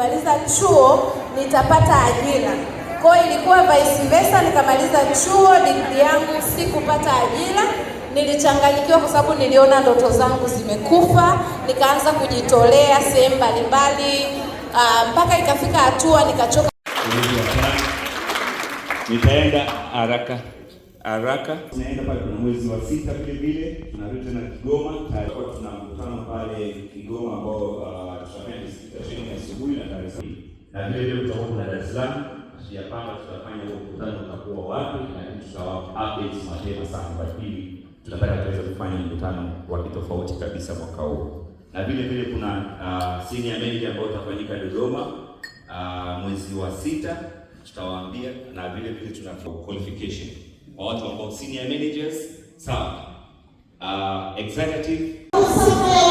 maliza chuo nitapata ajira. Kwa hiyo ilikuwa vice versa, nikamaliza chuo digrii yangu sikupata ajira. Nilichanganyikiwa kwa sababu niliona ndoto zangu zimekufa. Nikaanza kujitolea sehemu mbalimbali ah, mpaka uh, ikafika hatua nikachoka. Nitaenda haraka haraka, tunaenda pale. kwa mwezi wa sita vile vile tunarudi Kigoma, tuna mkutano pale Kigoma ambao ah, na vile vile kutakuwa kuna Dar es Salaam, tutapanga tutafanya huo mkutano utakuwa wapi, lakini tutawapa updates mapema sana kwa pili, tunataka tuweze kufanya mkutano wa kitofauti kabisa mwaka huu. Na vile vile kuna uh, senior meeting ambayo itafanyika Dodoma uh, mwezi wa sita, tutawaambia na vile vile tuna qualification kwa watu ambao senior managers sawa, uh, executive